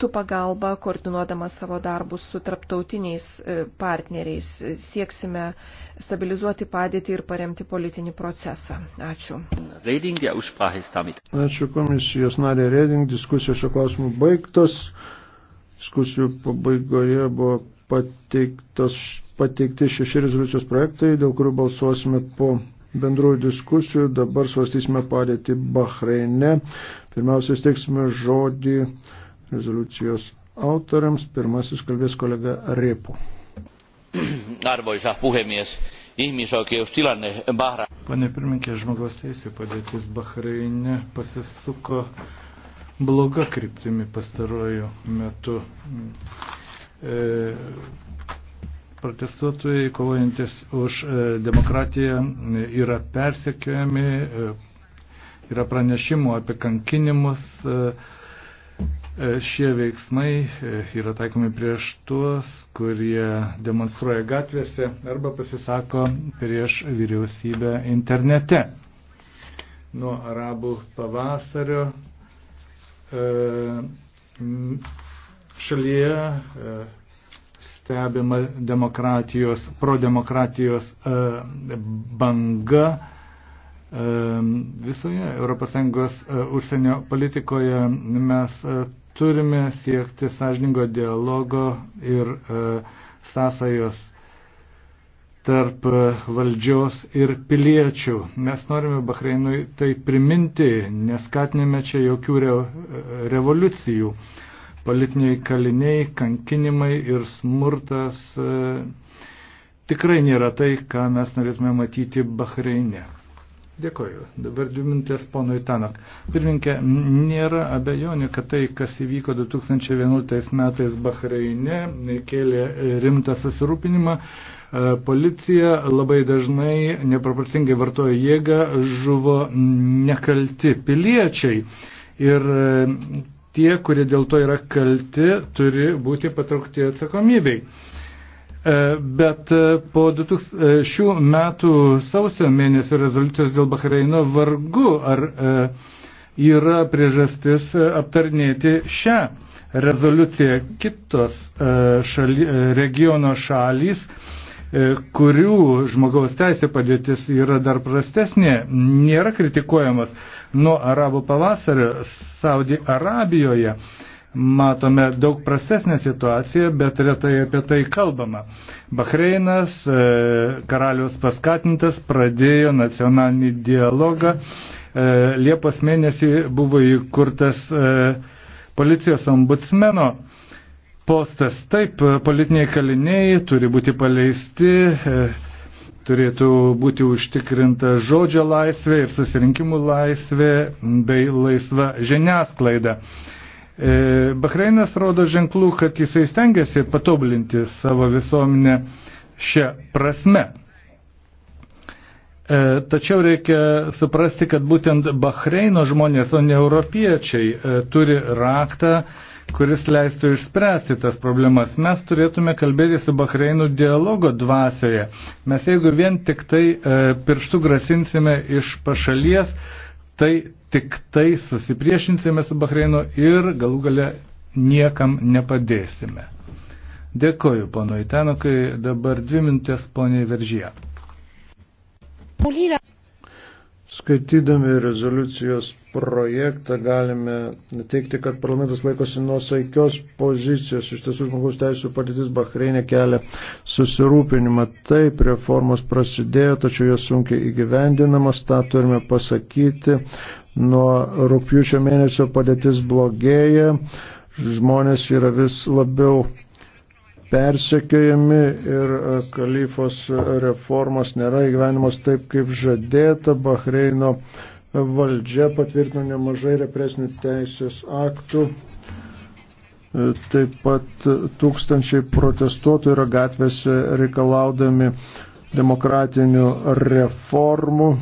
tu pagalba, koordinuodama savo darbus su tarptautiniais e, partneriais, sieksime stabilizuoti padėtį ir paremti politinį procesą. Ačiū. Ačiū komisijos narė Reding, diskusijos šio klausimu baigtos. Diskusijų pabaigoje buvo pateiktas, pateikti šeši rezoliucijos projektai, dėl kurių balsuosime po bendrųjų diskusijų. Dabar svarstysime padėti Bahreine. Pirmiausia, steiksime žodį rezoliucijos autoriams. Pirmasis kalbės kolega Repo. Arvoisa puhemies, ihmisoikeustilanne Bahrain. Pane pirmininkė, žmogaus teisė padėtis Bahraine pasisuko bloga kryptimi pastaruoju metu. E, protestuotojai, kovojantis už e, demokratiją, yra persekiojami, e, yra pranešimų apie kankinimus. E, E, šie veiksmai e, yra taikomi prieš tuos, kurie demonstruoja gatvėse arba pasisako prieš vyriausybę internete. Nuo arabų pavasario e, šalyje stebima demokratijos, prodemokratijos banga Visoje ES e, užsienio politikoje mes e, turime siekti sąžiningo dialogo ir e, sąsajos tarp valdžios ir piliečių. Mes norime Bahreinui tai priminti, neskatinime čia jokių re, revoliucijų. Politiniai kaliniai, kankinimai ir smurtas e, tikrai nėra tai, ką mes norėtume matyti Bahreine. Dėkoju. Dabar dvi minutės ponui Tanak. Pirminkė, nėra abejonių, kad tai, kas įvyko 2011 metais Bahreine, kėlė rimtą susirūpinimą. E, policija labai dažnai neproporcingai vartojo jėgą, žuvo nekalti piliečiai. Ir e, tie, kurie dėl to yra kalti, turi būti patraukti atsakomybei. E, bet e, po 2000, e, šių metų sausio mėnesio rezoliucijos dėl Bahreino vargu ar yra priežastis aptarnėti šią rezoliuciją. Kitos šali, regiono šalys kurių žmogaus teisė padėtis yra dar prastesnė, nėra kritikuojamas nuo arabų pavasario Saudi Arabijoje matome daug prastesnę situaciją, bet retai apie tai kalbama. Bahreinas, e, karalius paskatintas, pradėjo nacionalinį dialogą. E, Liepos mėnesį buvo įkurtas e, policijos ombudsmeno postas. Taip, politiniai kaliniai turi būti paleisti, turėtų būti užtikrinta žodžio laisvė ir susirinkimų laisvė bei laisva žiniasklaida. E, Bahreinas rodo ženklų, kad jisai stengiasi patobulinti savo visuomenę šią prasme. E, tačiau reikia suprasti, kad būtent Bahreino žmonės, o ne europiečiai, e, turi raktą, kuris leistų išspręsti tas problemas. Mes turėtume kalbėti su Bahreinu dialogo dvasioje. Mes jeigu vien tik tai pirštų grasinsime iš pašalies, tai tik tai susipriešinsime su Bahreinu ir galų gale niekam nepadėsime. Dėkoju, ponui Tenokai. Dabar dvi minutės, poniai Veržyje. Skaitydami rezoliucijos projektą galime teikti, kad parlamentas laikosi nuosaikios pozicijos. Iš tiesų žmogaus teisų padėtis Bahreinė kelia susirūpinimą. Taip, reformos prasidėjo, tačiau jos sunkiai įgyvendinamos, tą turime pasakyti. Nuo rūpjūčio mėnesio padėtis blogėja, žmonės yra vis labiau persekiojami ir e, kalifos reformos nėra įgyvenimas taip, kaip žadėta. Bahreino valdžia patvirtino nemažai represinių teisės aktų. E, taip pat tūkstančiai protestuotojų yra gatvėse reikalaudami demokratinių reformų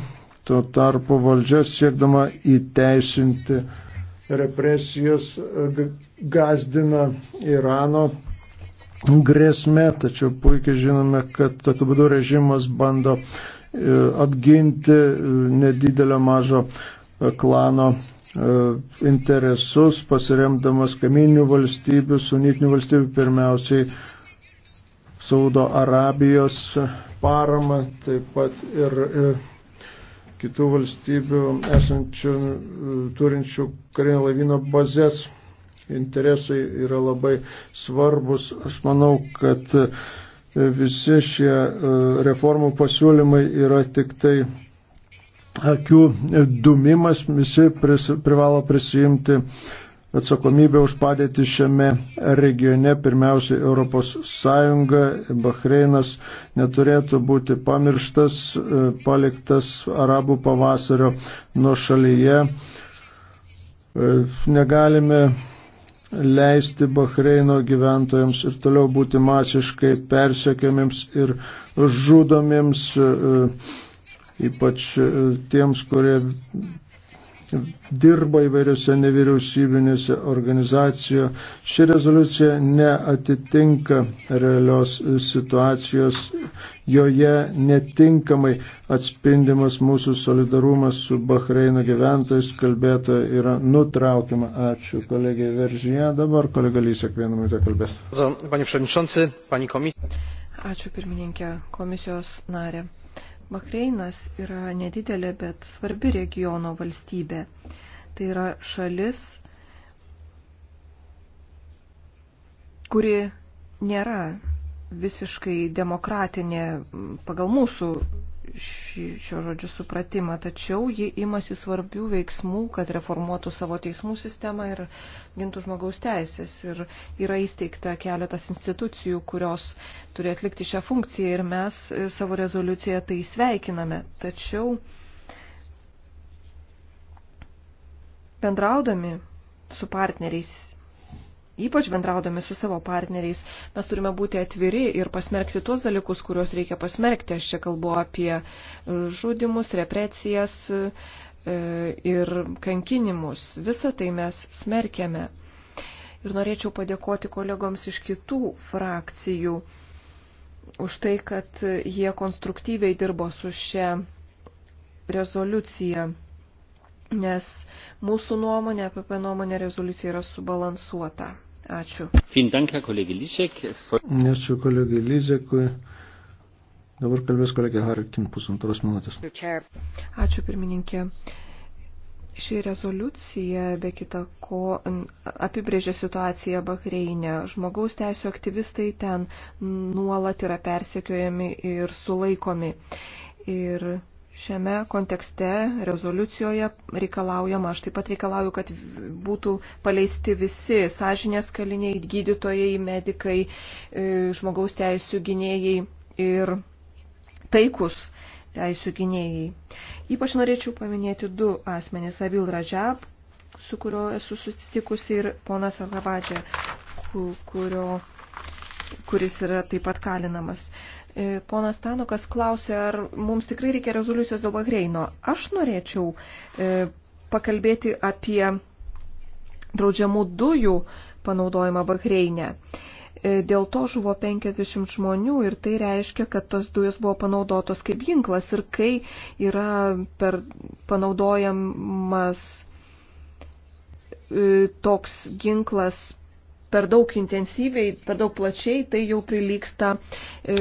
Tuo tarpu valdžia siekdama įteisinti represijas gazdina Irano grėsmė, tačiau puikiai žinome, kad tokiu būdu režimas bando e, apginti e, nedidelio mažo e, klano interesus, pasiremdamas kaiminių valstybių, sunitinių valstybių, pirmiausiai Saudo Arabijos parama, taip pat ir, ir kitų valstybių esančių, turinčių karinio laivyno bazės interesai yra labai svarbus. Aš manau, kad e, visi šie e, reformų pasiūlymai yra tik tai akių e, dumimas, visi pris, privalo prisijimti atsakomybę už padėtį šiame regione, pirmiausiai ES, Bahreinas neturėtų būti pamirštas, e, paliktas arabų pavasario nuo šalyje. E, negalime leisti Bahreino gyventojams ir toliau būti masiškai persekiamiems ir žudomiems, e, ypač tiems, kurie dirba įvairiose nevyriausybinėse organizacijoje. Ši rezoliucija neatitinka realios situacijos, joje netinkamai atspindimas mūsų solidarumas su Bahreino gyventojais, kalbėta yra nutraukiama. Ačiū kolegė Veržyje, dabar kolega Lysek vieną minutę kalbės. Ačiū pirmininkė komisijos narė. Bahreinas yra nedidelė, bet svarbi regiono valstybė. Tai yra šalis, kuri nėra visiškai demokratinė pagal mūsų šį, šio žodžio supratimą, tačiau ji imasi svarbių veiksmų, kad reformuotų savo teismų sistemą ir gintų žmogaus teisės. Ir yra įsteigta keletas institucijų, kurios turi atlikti šią funkciją ir mes e, savo rezoliuciją tai sveikiname. Tačiau bendraudami su partneriais ypač bendraudami su savo partneriais, mes turime būti atviri ir pasmerkti tuos dalykus, kuriuos reikia pasmerkti. Aš čia kalbu apie žudimus, represijas e, ir kankinimus. Visą tai mes smerkiame. Ir norėčiau padėkoti kolegoms iš kitų frakcijų už tai, kad jie konstruktyviai dirbo su šia rezoliucija, nes mūsų nuomonė, apie nuomonę rezoliucija yra subalansuota. Ačiū. Ačiū kolegai Lyzekui. Dabar kalbės kolegė Harkin pusantros minutės. Ačiū pirmininkė. Ši rezoliucija, be kita ko, apibrėžia situaciją Bahreinė. Žmogaus teisų aktyvistai ten nuolat yra persekiojami ir sulaikomi. Ir Šiame kontekste rezoliucijoje reikalaujama, aš taip pat reikalauju, kad būtų paleisti visi sąžinės kaliniai, gydytojai, medikai, e, žmogaus teisų gynėjai ir taikus teisų gynėjai. Ypač norėčiau paminėti du asmenys - Abil Rajab, su kurio esu susitikusi, ir ponas Alabadžia, kurio, kuris yra taip pat kalinamas. E, ponas Tanukas klausė, ar mums tikrai reikia rezoliucijos dėl Bahreino. Aš norėčiau e, pakalbėti apie draudžiamų dujų panaudojimą Bahreinė. E, dėl to žuvo 50 žmonių ir tai reiškia, kad tos dujos buvo panaudotos kaip ginklas ir kai yra per panaudojamas toks ginklas per daug intensyviai, per daug plačiai, tai jau prilyksta e,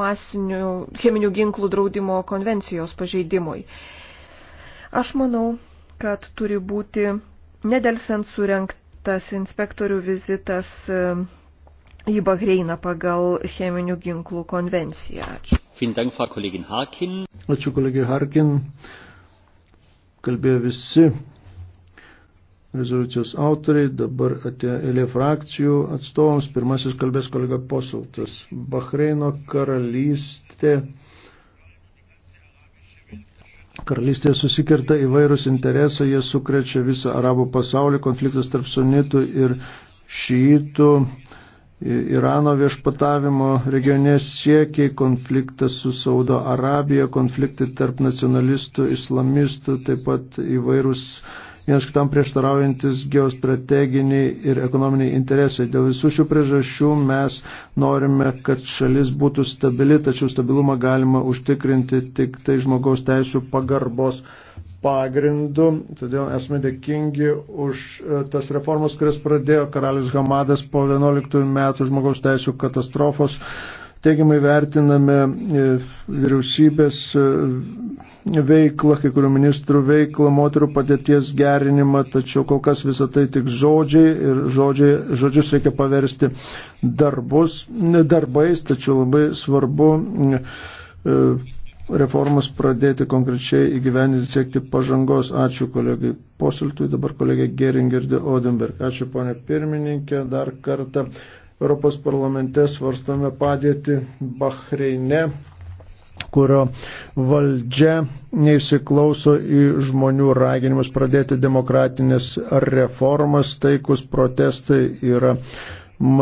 masinių cheminių ginklų draudimo konvencijos pažeidimui. Aš manau, kad turi būti nedelsiant surenktas inspektorių vizitas e, į Bahreiną pagal cheminių ginklų konvenciją. Ačiū. Ačiū kolegijai Harkin. Kalbėjo visi rezoliucijos autoriai, dabar atėjo eilė frakcijų atstovams. Pirmasis kalbės kolega Posultas. Bahreino karalystė. Karalystėje susikerta įvairūs interesai, jie sukrečia visą arabų pasaulį, konfliktas tarp sunitų ir šyitų, Irano viešpatavimo regione siekiai, konfliktas su Saudo Arabija, konfliktai tarp nacionalistų, islamistų, taip pat įvairūs uh, vienas kitam prieštaraujantis geostrateginiai ir ekonominiai interesai. Dėl visų šių priežasčių mes norime, kad šalis būtų stabili, tačiau stabilumą galima užtikrinti tik tai žmogaus teisų pagarbos pagrindu. Todėl esame dėkingi už e, tas reformas, kurias pradėjo karalius Hamadas po 11 metų žmogaus teisų katastrofos Teigiamai vertiname e, vyriausybės e, veiklą, kai kurių ministrų veiklą, moterų padėties gerinimą, tačiau kol kas visą tai tik žodžiai ir žodžiai, žodžius reikia paversti darbus, darbais, tačiau labai svarbu e, reformas pradėti konkrečiai įgyvendinti, siekti pažangos. Ačiū kolegai Posiltui, dabar kolegai Geringer de Odenberg. Ačiū ponė pirmininkė, dar kartą Europos parlamente svarstame padėti Bahreine, kurio valdžia neįsiklauso į žmonių raginimus pradėti demokratinės reformas, taikus protestai yra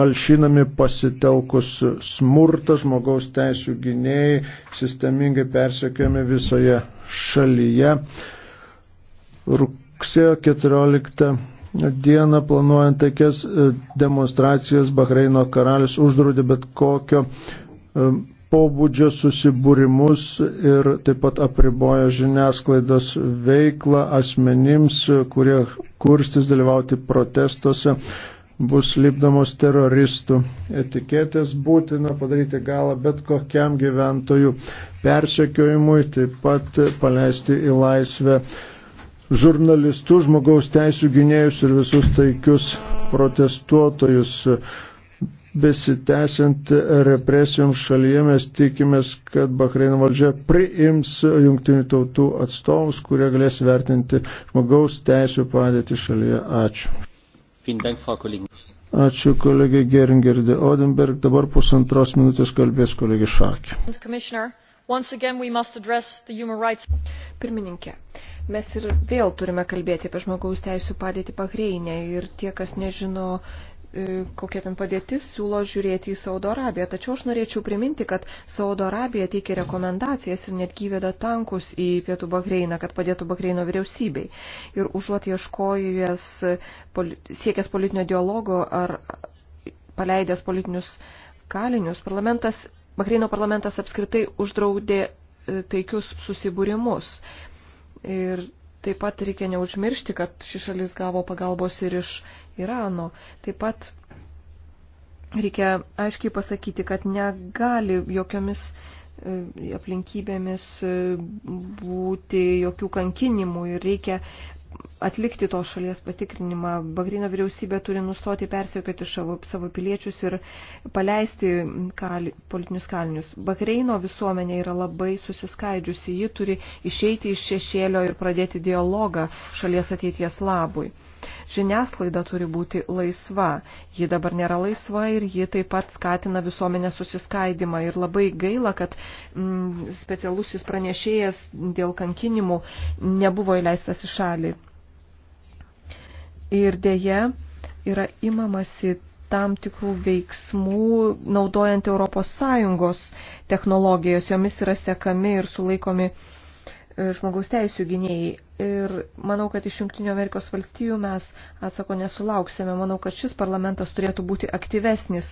malšinami pasitelkus smurtą, žmogaus teisų gynėjai sistemingai persekiami visoje šalyje. Rugsėjo 14 dieną planuojant tokias e, demonstracijas Bahreino karalius uždraudė bet kokio e, pobūdžio susibūrimus ir taip pat apriboja žiniasklaidos veiklą asmenims, kurie kurstis dalyvauti protestuose bus lipdamos teroristų etiketės, būtina padaryti galą bet kokiam gyventojų persekiojimui, taip pat paleisti į laisvę žurnalistus, žmogaus teisų gynėjus ir visus taikius protestuotojus. Besitęsiant represijoms šalyje mes tikimės, kad Bahreino valdžia priims jungtinių tautų atstovus, kurie galės vertinti žmogaus teisų padėti šalyje. Ačiū. Ačiū kolegė Geringerdė Odenberg. Dabar pusantros minutės kalbės kolegė Šakė. Pirmininkė, Mes ir vėl turime kalbėti apie žmogaus teisų padėtį Bahreinė ir tie, kas nežino, e, kokia ten padėtis, siūlo žiūrėti į Saudo Arabiją. Tačiau aš norėčiau priminti, kad Saudo Arabija teikia rekomendacijas ir netgi veda tankus į pietų Bahreiną, kad padėtų Bahreino vyriausybei. Ir užuot ieškojęs, siekęs politinio dialogo ar paleidęs politinius kalinius, parlamentas, Bahreino parlamentas apskritai uždraudė e, taikius susibūrimus. Ir taip pat reikia neužmiršti, kad ši šalis gavo pagalbos ir iš Irano. Taip pat reikia aiškiai pasakyti, kad negali jokiomis e, aplinkybėmis e, būti jokių kankinimų ir reikia atlikti tos šalies patikrinimą. Bagrino vyriausybė turi nustoti persiekti savo, savo piliečius ir paleisti kali, politinius kalinius. Bahreino visuomenė yra labai susiskaidžiusi, ji turi išeiti iš šešėlio ir pradėti dialogą šalies ateities labui. Žiniasklaida turi būti laisva. Ji dabar nėra laisva ir ji taip pat skatina visuomenę susiskaidimą. Ir labai gaila, kad mm, specialusis pranešėjas dėl kankinimų nebuvo įleistas į šalį. Ir dėje yra imamasi tam tikrų veiksmų, naudojant ES technologijos, jomis yra sekami ir sulaikomi E, žmogaus teisų gynėjai. Ir manau, kad iš Junktinio Amerikos valstijų mes atsako nesulauksime. Manau, kad šis parlamentas turėtų būti aktyvesnis,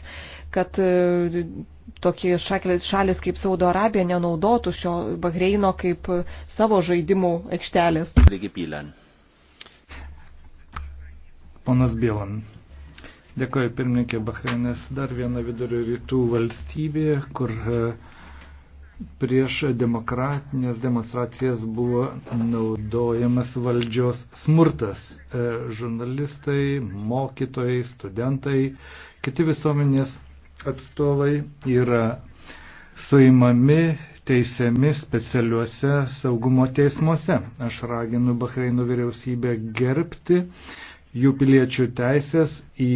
kad e, tokie šaklės, šalis kaip Saudo Arabija nenaudotų šio Bahreino kaip e, savo žaidimų aikštelės. Ponas Bielan. Dėkoju, pirmininkė Bahreinės, dar viena vidurio rytų valstybė, kur uh, prieš demokratinės demonstracijas buvo naudojamas valdžios smurtas. E, žurnalistai, mokytojai, studentai, kiti visuomenės atstovai yra suimami, teisiami specialiuose saugumo teismuose. Aš raginu Bahreino vyriausybę gerbti jų piliečių teisės į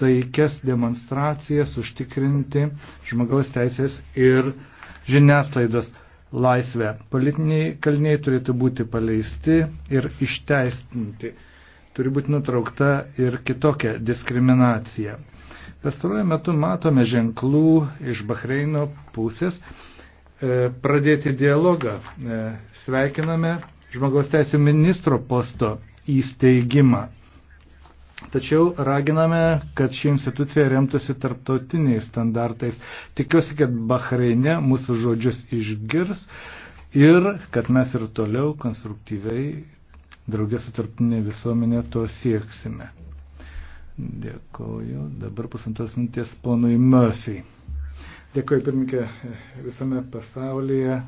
taikias demonstracijas, užtikrinti žmogaus teisės ir žiniasklaidos laisvę. Politiniai kaliniai turėtų būti paleisti ir išteistinti. Turi būti nutraukta ir kitokia diskriminacija. Pastaruoju metu matome ženklų iš Bahreino pusės e, pradėti dialogą. E, sveikiname žmogaus teisų ministro posto įsteigimą. Tačiau raginame, kad ši institucija remtųsi tarptautiniais standartais. Tikiuosi, kad Bahreine mūsų žodžius išgirs ir kad mes ir toliau konstruktyviai draugės su tarptautinė visuomenė to sieksime. Dėkoju. Dabar pusantros minties ponui Murphy. Dėkoju pirmininkė visame pasaulyje.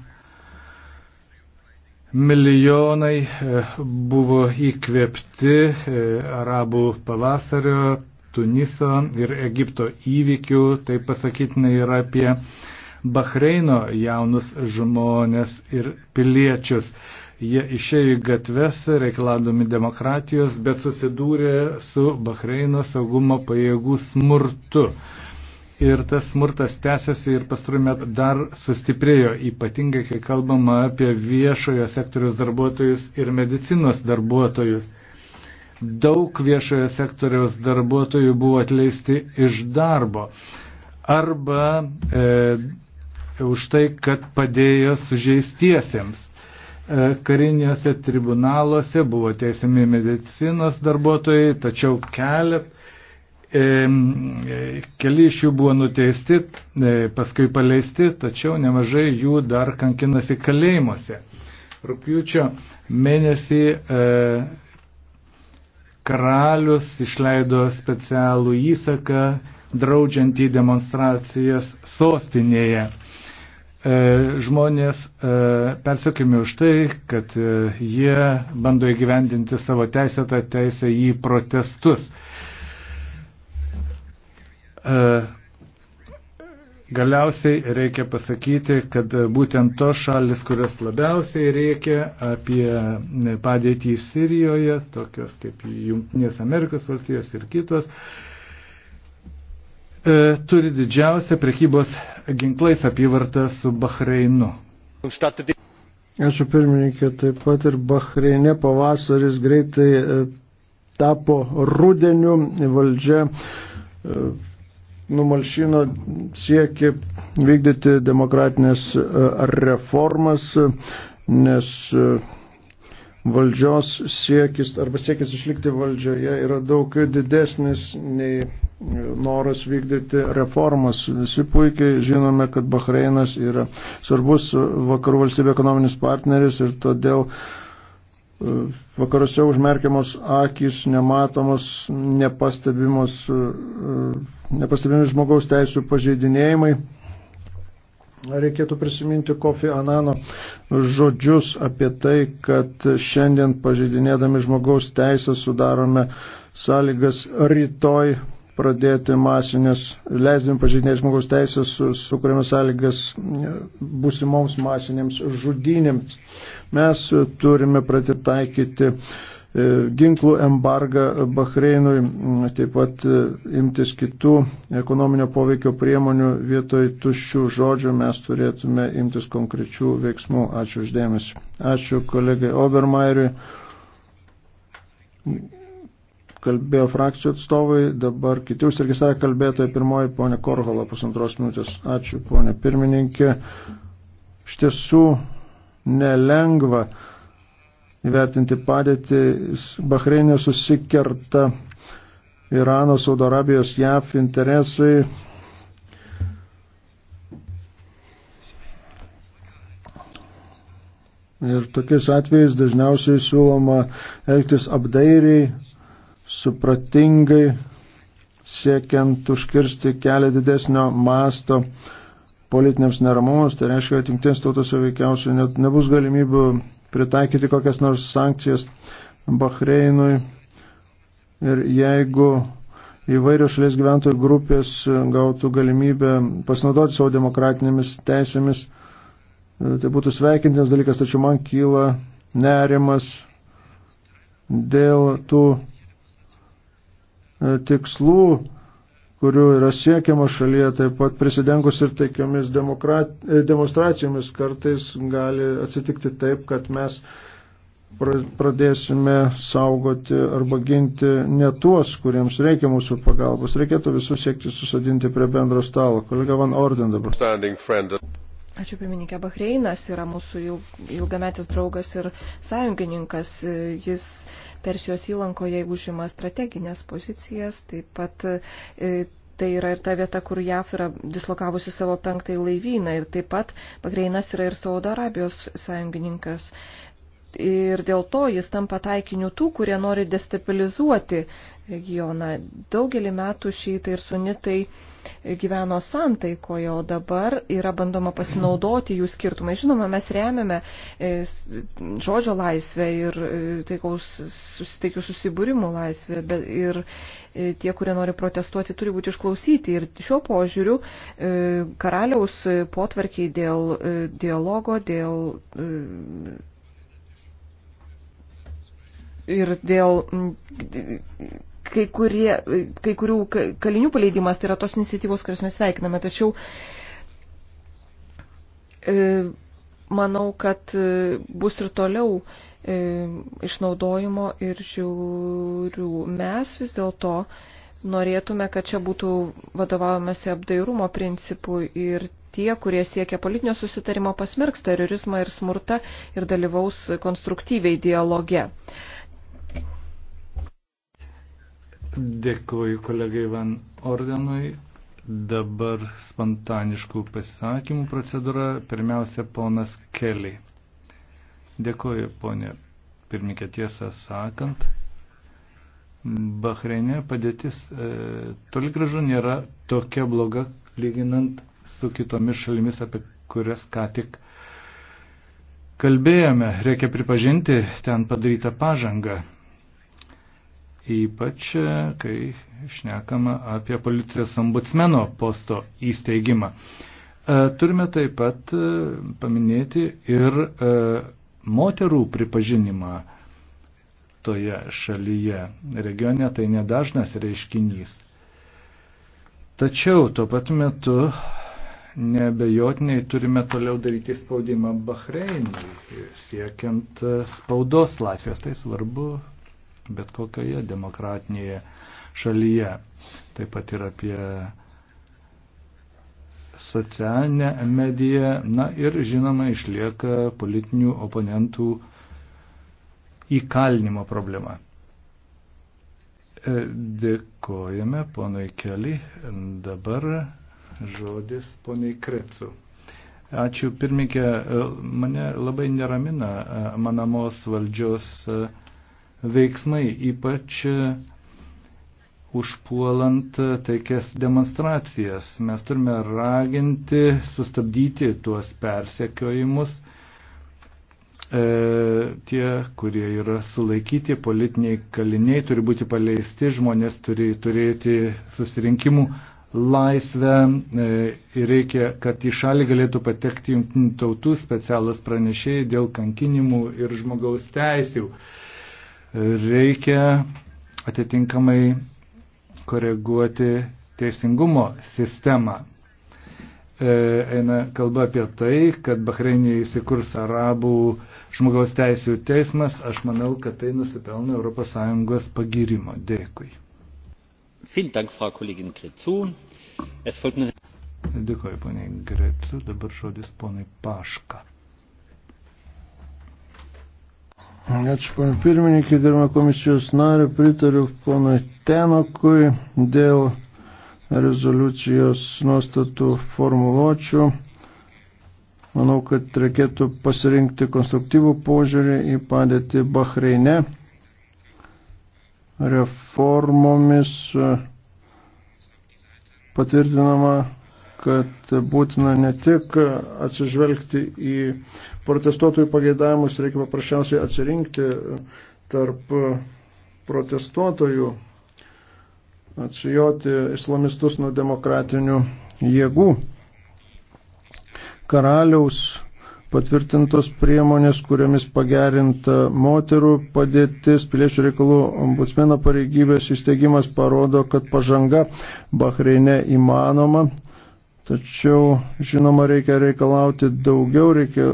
Milijonai e, buvo įkvėpti e, arabų pavasario, Tuniso ir Egipto įvykių, tai pasakytinai yra apie Bahreino jaunus žmonės ir piliečius. Jie išėjo į gatves reikaladami demokratijos, bet susidūrė su Bahreino saugumo pajėgų smurtu ir tas smurtas tęsiasi ir pastarumė dar sustiprėjo, ypatingai kai kalbama apie viešojo sektoriaus darbuotojus ir medicinos darbuotojus. Daug viešojo sektoriaus darbuotojų buvo atleisti iš darbo arba e, už tai, kad padėjo sužeistiesiems. E, kariniuose tribunaluose buvo teisiami medicinos darbuotojai, tačiau kelet, E, keli iš jų buvo nuteisti, e, paskui paleisti, tačiau nemažai jų dar kankinasi kalėjimuose. Rūpiučio mėnesį e, karalius išleido specialų įsaką draudžiantį demonstracijas sostinėje. Žmonės persiekimi už tai, kad jie bando įgyvendinti savo teisėtą teisę į protestus. E, galiausiai reikia pasakyti, kad būtent tos šalis, kurios labiausiai reikia apie padėtį Sirijoje, tokios kaip Junktinės Amerikos valstijos ir kitos, e, turi didžiausią prekybos ginklais apyvartą su Bahreinu. Ačiū pirmininkė, taip pat ir Bahreine pavasaris greitai e, tapo rudeniu valdžia numalšino siekį vykdyti demokratinės e, reformas, nes e, valdžios siekis arba siekis išlikti valdžioje yra daug didesnis nei e, noras vykdyti reformas. Visi puikiai žinome, kad Bahreinas yra svarbus vakarų valstybė ekonominis partneris ir todėl uh, vakaruose užmerkiamos akis, nematomos, nepastebimos, e, nepastebimi žmogaus teisų pažeidinėjimai. Reikėtų prisiminti Kofi Anano žodžius apie tai, kad šiandien pažeidinėdami žmogaus teisę sudarome sąlygas rytoj pradėti masinės, leisdami pažydinėti žmogaus teisės, su, su kuriamis sąlygas e, būsimoms masinėms žudynėms. Mes turime pratitaikyti e, ginklų embargą Bahreinui, taip pat e, imtis kitų ekonominio poveikio priemonių vietoj tuščių žodžių mes turėtume imtis konkrečių veiksmų. Ačiū uždėmesi. Ačiū kolegai Obermairiui kalbėjo frakcijų atstovai, dabar kiti užsiregistravę kalbėtojai. Pirmoji, ponė Korhola, pusantros minutės. Ačiū, ponė pirmininkė. Iš tiesų nelengva įvertinti padėtį. Bahreinė susikerta Irano, Saudo Arabijos, JAF interesai. Ir tokiais atvejais dažniausiai siūloma elgtis apdairiai, supratingai siekiant užkirsti kelią didesnio masto politiniams neramumams, tai reiškia, kad jungtinės tautose veikiausiai net nebus galimybių pritaikyti kokias nors sankcijas Bahreinui. Ir jeigu įvairios šalies gyventojų grupės gautų galimybę pasinaudoti savo demokratinėmis teisėmis, tai būtų sveikintinas dalykas, tačiau man kyla nerimas dėl tų E, tikslų, kurių yra siekiama šalyje, taip pat prisidengus ir taikiomis e, demonstracijomis kartais gali atsitikti taip, kad mes pradėsime saugoti arba ginti ne tuos, kuriems reikia mūsų pagalbos. Reikėtų visus siekti susadinti prie bendro stalo. Kolega Van Orden dabar. Ačiū, pirmininkė. Bahreinas yra mūsų ilgametis draugas ir sąjungininkas. Jis Persijos įlankoje užima strateginės pozicijas, taip pat e, tai yra ir ta vieta, kur JAF yra dislokavusi savo penktąjį laivyną ir taip pat Bahreinas yra ir Saudo Arabijos sąjungininkas ir dėl to jis tampa taikiniu tų, kurie nori destabilizuoti regioną. Daugelį metų šitai ir sunitai gyveno santaikoje, o dabar yra bandoma pasinaudoti jų skirtumai. Žinoma, mes remiame e, žodžio laisvę ir e, taikaus susitaikių susibūrimų laisvę, bet ir e, tie, kurie nori protestuoti, turi būti išklausyti. Ir šiuo požiūriu karaliaus potvarkiai dėl dialogo, dėl ir dėl kai, kurie, kai kurių kalinių paleidimas, tai yra tos iniciatyvos, kurias mes sveikiname. Tačiau e, manau, kad e, bus ir toliau e, išnaudojimo ir žiūrių. Mes vis dėlto norėtume, kad čia būtų vadovaujamasi apdairumo principų ir tie, kurie siekia politinio susitarimo, pasmerks terorizmą ir smurtą ir dalyvaus konstruktyviai dialoge. Dėkoju kolegai Van Ordenui. Dabar spontaniškų pasisakymų procedūra. Pirmiausia, ponas Kelly. Dėkoju, ponė pirmininkė, tiesą sakant. Bahreinė padėtis e, toli gražu nėra tokia bloga, lyginant su kitomis šalimis, apie kurias ką tik kalbėjome. Reikia pripažinti ten padarytą pažangą ypač e, kai šnekama apie policijos ombudsmeno posto įsteigimą. E, turime taip pat e, paminėti ir moterų pripažinimą toje šalyje. Regione tai nedažnas reiškinys. Tačiau tuo pat metu nebejotinai turime toliau daryti spaudimą Bahreinui, siekiant spaudos laisvės. Tai svarbu bet kokioje demokratinėje šalyje. Taip pat ir apie socialinę mediją. Na ir žinoma išlieka politinių oponentų įkalinimo problema. E, dėkojame ponui Keli. Dabar žodis poniai Krecu. Ačiū pirmikė, e, mane labai neramina e, manamos valdžios uh, veiksmai, ypač užpuolant taikės demonstracijas. Mes turime raginti, sustabdyti tuos persekiojimus. E, tie, kurie yra sulaikyti, politiniai kaliniai turi būti paleisti, žmonės turi turėti susirinkimų laisvę e, ir reikia, kad į šalį galėtų patekti jungtinių tautų specialus pranešėjai dėl kankinimų ir žmogaus teisių. E, Reikia atitinkamai koreguoti teisingumo sistemą. E, eina kalba apie tai, kad Bahreinėje įsikurs arabų žmogaus teisėjų teismas. Aš manau, kad tai nusipelno ES pagirimo. Dėkui. Dėkuoju, poniai Grecu. Dabar žodis ponai Paška. Ačiū, pan pirmininkai, gerbama komisijos narė, pritariu ponui Tenokui dėl rezoliucijos nuostatų formuluočių. Manau, kad reikėtų pasirinkti konstruktyvų požiūrį į padėtį Bahreine. Reformomis e, patvirtinama kad būtina ne tik atsižvelgti į protestuotojų pageidavimus, reikia paprasčiausiai atsirinkti tarp protestuotojų, atsijoti islamistus nuo demokratinių jėgų. Karaliaus patvirtintos priemonės, kuriamis pagerinta moterų padėtis, piliečių reikalų ombudsmeno pareigybės įsteigimas parodo, kad pažanga Bahreine įmanoma Tačiau, žinoma, reikia reikalauti daugiau, reikia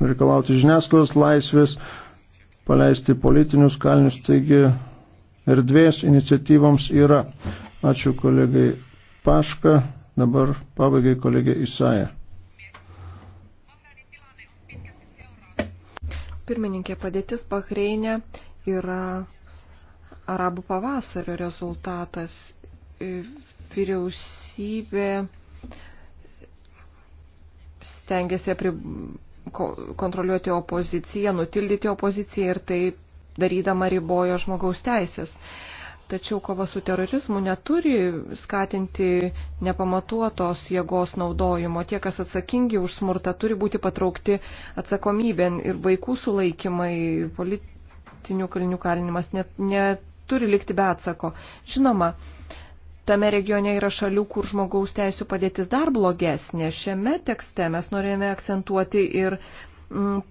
reikalauti žiniasklaidos laisvės, paleisti politinius kalnius, taigi erdvės iniciatyvams yra. Ačiū kolegai Paška, dabar pabaigai kolegė Isaja. Pirmininkė padėtis Bahreinė yra arabų pavasario rezultatas. Vyriausybė stengiasi apri... kontroliuoti opoziciją, nutildyti opoziciją ir tai darydama ribojo žmogaus teisės. Tačiau kova su terorizmu neturi skatinti nepamatuotos jėgos naudojimo. Tie, kas atsakingi už smurtą, turi būti patraukti atsakomybėn ir vaikų sulaikymai, ir politinių kalinių kalinimas net, neturi likti be atsako. Žinoma, tame regione yra šalių, kur žmogaus teisų padėtis dar blogesnė. Šiame tekste mes norėjome akcentuoti ir mm,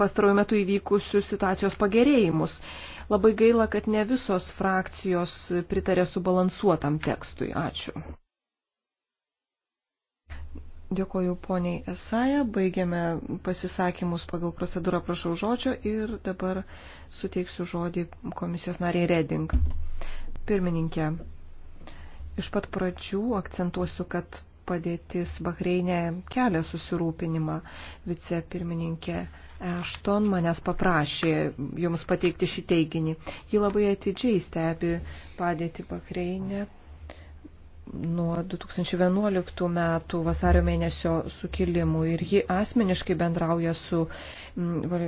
pastarojų metų įvykusius situacijos pagerėjimus. Labai gaila, kad ne visos frakcijos pritarė subalansuotam tekstui. Ačiū. Dėkoju poniai Esaja, baigiame pasisakymus pagal procedūrą, prašau žodžio ir dabar suteiksiu žodį komisijos nariai Reding. Pirmininkė, iš pat pradžių akcentuosiu, kad padėtis Bahreinė kelia susirūpinimą. Vicepirmininkė Ešton manęs paprašė jums pateikti šį teiginį. Ji labai atidžiai stebi padėti Bahreinė. Nuo 2011 metų vasario mėnesio sukilimų ir ji asmeniškai bendrauja su mm,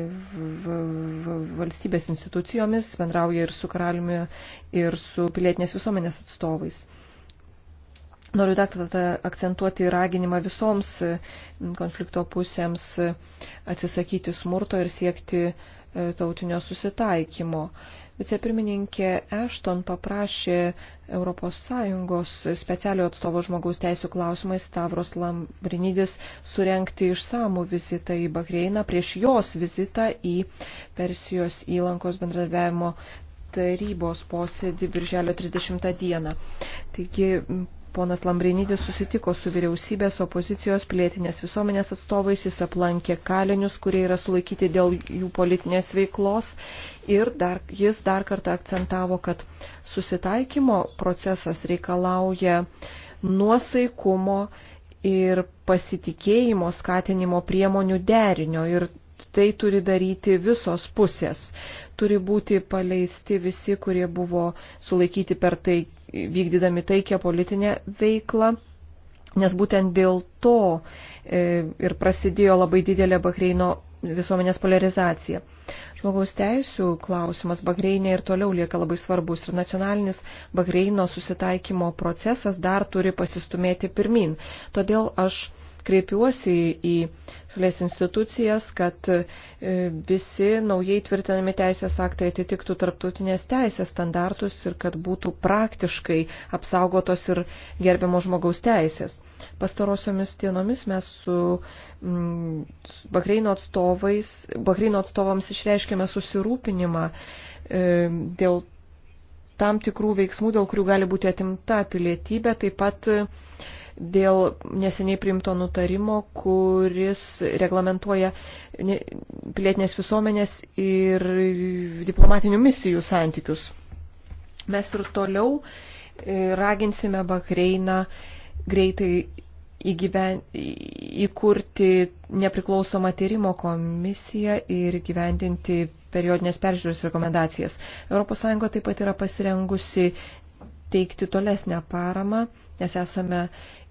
valstybės institucijomis, bendrauja ir su karaliumi, ir su pilietinės visuomenės atstovais. Noriu dar tada akcentuoti raginimą visoms e, konflikto pusėms e, atsisakyti smurto ir siekti e, tautinio susitaikymo. Vicepirmininkė Ešton paprašė ES specialio atstovo žmogaus teisų klausimais Stavros Lambrinidis surenkti išsamų vizitą į Bahreiną prieš jos vizitą į Persijos įlankos bendradarbiavimo tarybos posėdį birželio 30 dieną. Taigi Ponas Lambrinidis susitiko su vyriausybės opozicijos plėtinės visuomenės atstovais, jis aplankė kalinius, kurie yra sulaikyti dėl jų politinės veiklos ir dar, jis dar kartą akcentavo, kad susitaikymo procesas reikalauja nuosaikumo ir pasitikėjimo skatinimo priemonių derinio ir tai turi daryti visos pusės turi būti paleisti visi, kurie buvo sulaikyti per tai, vykdydami taikę politinę veiklą, nes būtent dėl to e, ir prasidėjo labai didelė Bahreino visuomenės polarizacija. Žmogaus teisų klausimas Bahreinė ir toliau lieka labai svarbus ir nacionalinis Bahreino susitaikymo procesas dar turi pasistumėti pirmin. Todėl aš kreipiuosi į šalies institucijas, kad e, visi naujai tvirtinami teisės aktai atitiktų tarptautinės teisės standartus ir kad būtų praktiškai apsaugotos ir gerbiamo žmogaus teisės. Pastarosiomis dienomis mes su mm, Bahreino, atstovais, Bahreino atstovams išreiškėme susirūpinimą e, dėl tam tikrų veiksmų, dėl kurių gali būti atimta pilietybė, taip pat dėl neseniai priimto nutarimo, kuris reglamentuoja pilietinės visuomenės ir diplomatinių misijų santykius. Mes ir toliau e, raginsime Bahreiną greitai įgyven, įkurti nepriklausomą tyrimo komisiją ir gyvendinti periodinės peržiūros rekomendacijas. ES taip pat yra pasirengusi teikti tolesnę paramą, nes esame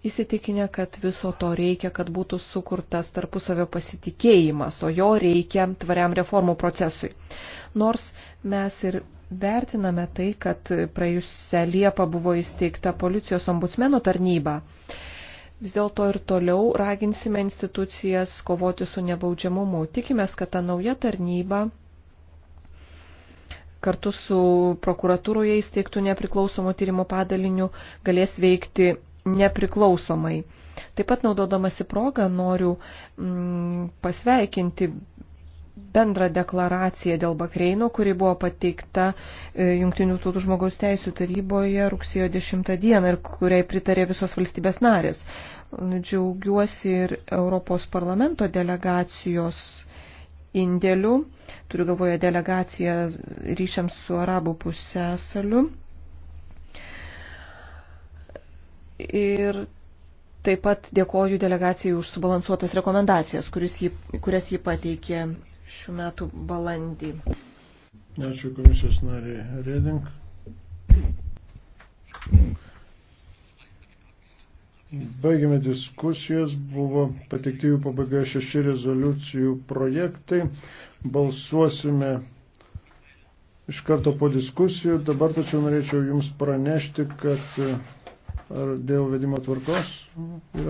įsitikinę, kad viso to reikia, kad būtų sukurtas tarpusavio pasitikėjimas, o jo reikia tvariam reformų procesui. Nors mes ir vertiname tai, kad praėjusią Liepą buvo įsteigta policijos ombudsmeno tarnyba. Vis dėlto ir toliau raginsime institucijas kovoti su nebaudžiamumu. Tikimės, kad ta nauja tarnyba kartu su prokuratūroje įsteigtų nepriklausomų tyrimų padaliniu galės veikti nepriklausomai. Taip pat naudodamasi progą noriu mm, pasveikinti bendrą deklaraciją dėl Bakreino, kuri buvo pateikta e, Junktinių tautų žmogaus teisų taryboje rugsėjo 10 dieną ir kuriai pritarė visos valstybės narės. Džiaugiuosi ir Europos parlamento delegacijos indėlių, turiu galvoje delegaciją ryšiams su arabų pusėsaliu. Ir taip pat dėkoju delegacijai už subalansuotas rekomendacijas, jį, kurias jį pateikė šių metų balandį. Ačiū komisijos nariai Reding. Baigiame diskusijas, buvo pateikti jų pabaigoje šeši rezoliucijų projektai, balsuosime iš karto po diskusijų. Dabar tačiau norėčiau Jums pranešti, kad ar dėl vedimo tvarkos yra.